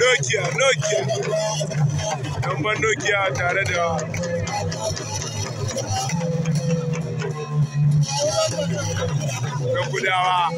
Nokia, Nokia. Namban Nokia tare da da gudawa.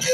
Ya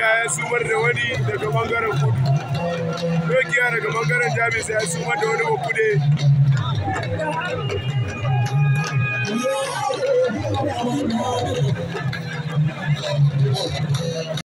dokiya ya sumar da wani daga bangaren kudu dokiya daga bangaren jamus ya sumar da wani bakude Thank